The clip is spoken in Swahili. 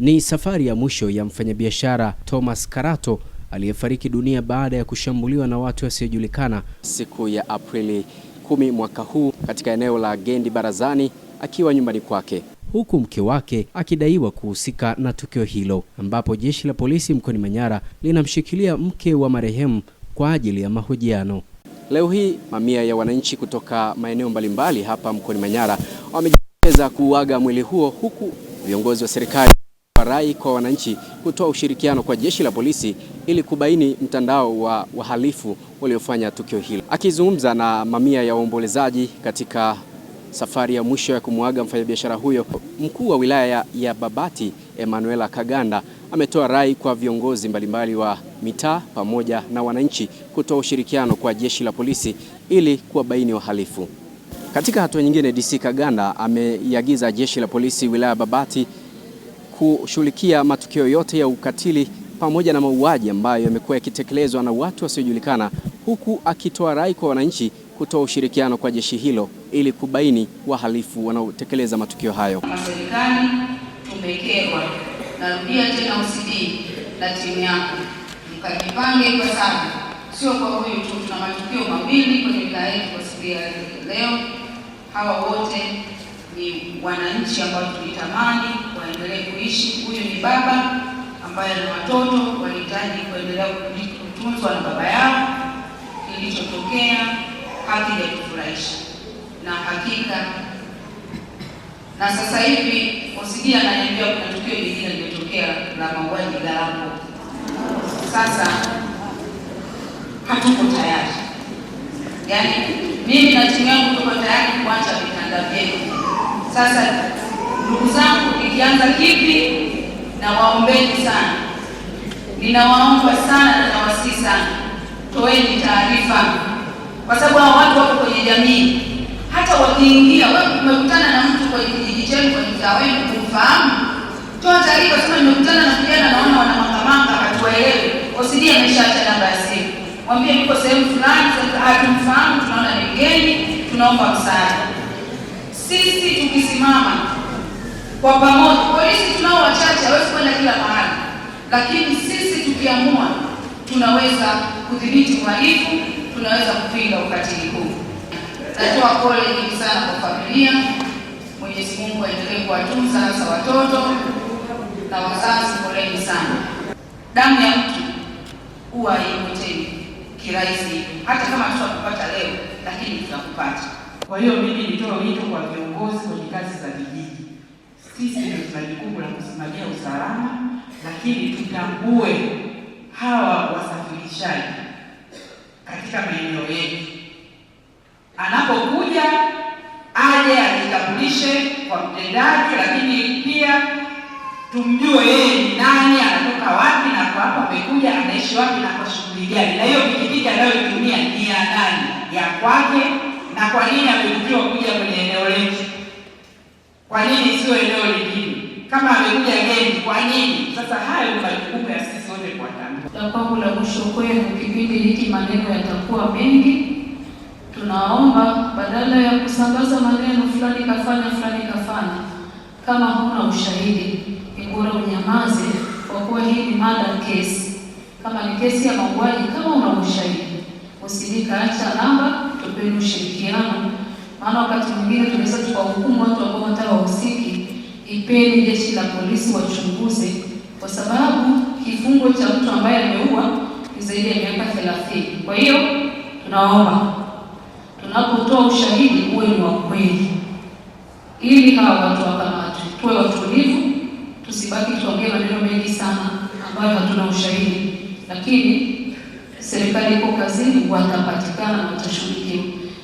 Ni safari ya mwisho ya mfanyabiashara Thomas Karato aliyefariki dunia baada ya kushambuliwa na watu wasiojulikana siku ya Aprili kumi mwaka huu katika eneo la Gendi Barazani akiwa nyumbani kwake, huku mke wake akidaiwa kuhusika na tukio hilo, ambapo jeshi la polisi mkoani Manyara linamshikilia mke wa marehemu kwa ajili ya mahojiano. Leo hii mamia ya wananchi kutoka maeneo mbalimbali hapa mkoani Manyara wamejitokeza kuuaga mwili huo huku viongozi wa serikali Rai kwa wananchi kutoa ushirikiano kwa jeshi la polisi ili kubaini mtandao wa wahalifu waliofanya tukio hilo. Akizungumza na mamia ya waombolezaji katika safari ya mwisho ya kumwaga mfanyabiashara huyo, mkuu wa wilaya ya Babati Emanuela Kaganda ametoa rai kwa viongozi mbalimbali wa mitaa pamoja na wananchi kutoa ushirikiano kwa jeshi la polisi ili kuwabaini wahalifu. Katika hatua nyingine, DC Kaganda ameiagiza jeshi la polisi wilaya Babati kushughulikia matukio yote ya ukatili pamoja na mauaji ambayo yamekuwa yakitekelezwa na watu wasiojulikana, huku akitoa rai kwa wananchi kutoa ushirikiano kwa jeshi hilo ili kubaini wahalifu wanaotekeleza matukio hayo. Serikali tumekerwa, narudia tena OCD na timu yako mkajipange ipasavyo, sio kwa huyu tu. Tuna matukio mawili kwenye wilaya yetu kwa siku ya leo, hawa wote ni wananchi ambao tulitamani waendelee kuishi. Huyu ni baba ambaye na watoto walihitaji kuendelea kutunzwa na baba yao. Kilichotokea hakijatufurahisha na hakika, na sasa hivi OCD ananiambia kuna tukio lingine limetokea la mauaji Galamo. Sasa hatuko tayari, yaani mimi na timu yangu tuko tayari kuacha sasa ndugu zangu, nikianza kipi? Na waombeni sana, ninawaomba sana na nawasihi sana, toeni taarifa, kwa sababu hao watu wako kwenye jamii. Hata wakiingia, wewe umekutana na mtu kwenye kijiji chenu, kwenye mtaa wenu, kumfahamu, toa taarifa, sema nimekutana na kijana, naona wana mangamanga, hatuwaelewi. OCD ameshaacha namba ya simu, mwambie yuko sehemu fulani, hatumfahamu, tunaona ni mgeni, tunaomba msaada. Sisi tukisimama kwa pamoja, polisi tunao wachache, hawezi kwenda kila mahali, lakini sisi tukiamua, tunaweza kudhibiti uhalifu, tunaweza kupinga ukatili huu. Natoa pole nyingi sana kwa familia. Mwenyezi Mungu aendelee kuwatunza hasa watoto na wazazi. Poleni sana. Damu ya mtu huwa haipotei kirahisi, hata kama akupata leo, lakini tunakupata kwa hiyo mimi nitoa wito kwa viongozi kwenye kazi za vijiji, sisi ndio tuna jukumu la kusimamia usalama, lakini tutambue hawa wasafirishaji katika maeneo yetu, anapokuja aje ajitambulishe kwa mtendaji, lakini pia tumjue yeye ni nani, anatoka wapi, na kwa hapo amekuja, anaishi wapi na kwa shughuli gani, na hiyo pikipiki anayoitumia ni ya nani, ya kwake na kwa nini amekuja kuja kwenye eneo letu? Kwa nini sio eneo lingine? Kama amekuja geni, kwa nini sasa? Hayo ni majukumu ya sisi wote kuwatambua. Kwangu la mwisho kwenu, kipindi hiki maneno yatakuwa mengi. Tunaomba badala ya kusambaza maneno fulani kafanya fulani kafanya, kama huna ushahidi ni bora unyamaze, kwa kuwa hii ni mada case. Kama ni kesi ya mauaji, kama una ushahidi usilika, acha namba, tupeni ushirikiano, maana wakati mwingine tunaweza tukahukumu watu ambao hata wahusiki. Ipeni jeshi la polisi wachunguze, kwa sababu kifungo cha mtu ambaye ameua ni zaidi ya miaka thelathini. Kwa hiyo tunaomba tunapotoa ushahidi uwe ni wa kweli, ili hawa watu wakamatwe. Tuwe watulivu, tusibaki tuongee maneno mengi sana ambayo hatuna ushahidi, lakini serikali iko kazini, watapatikana watashughulikia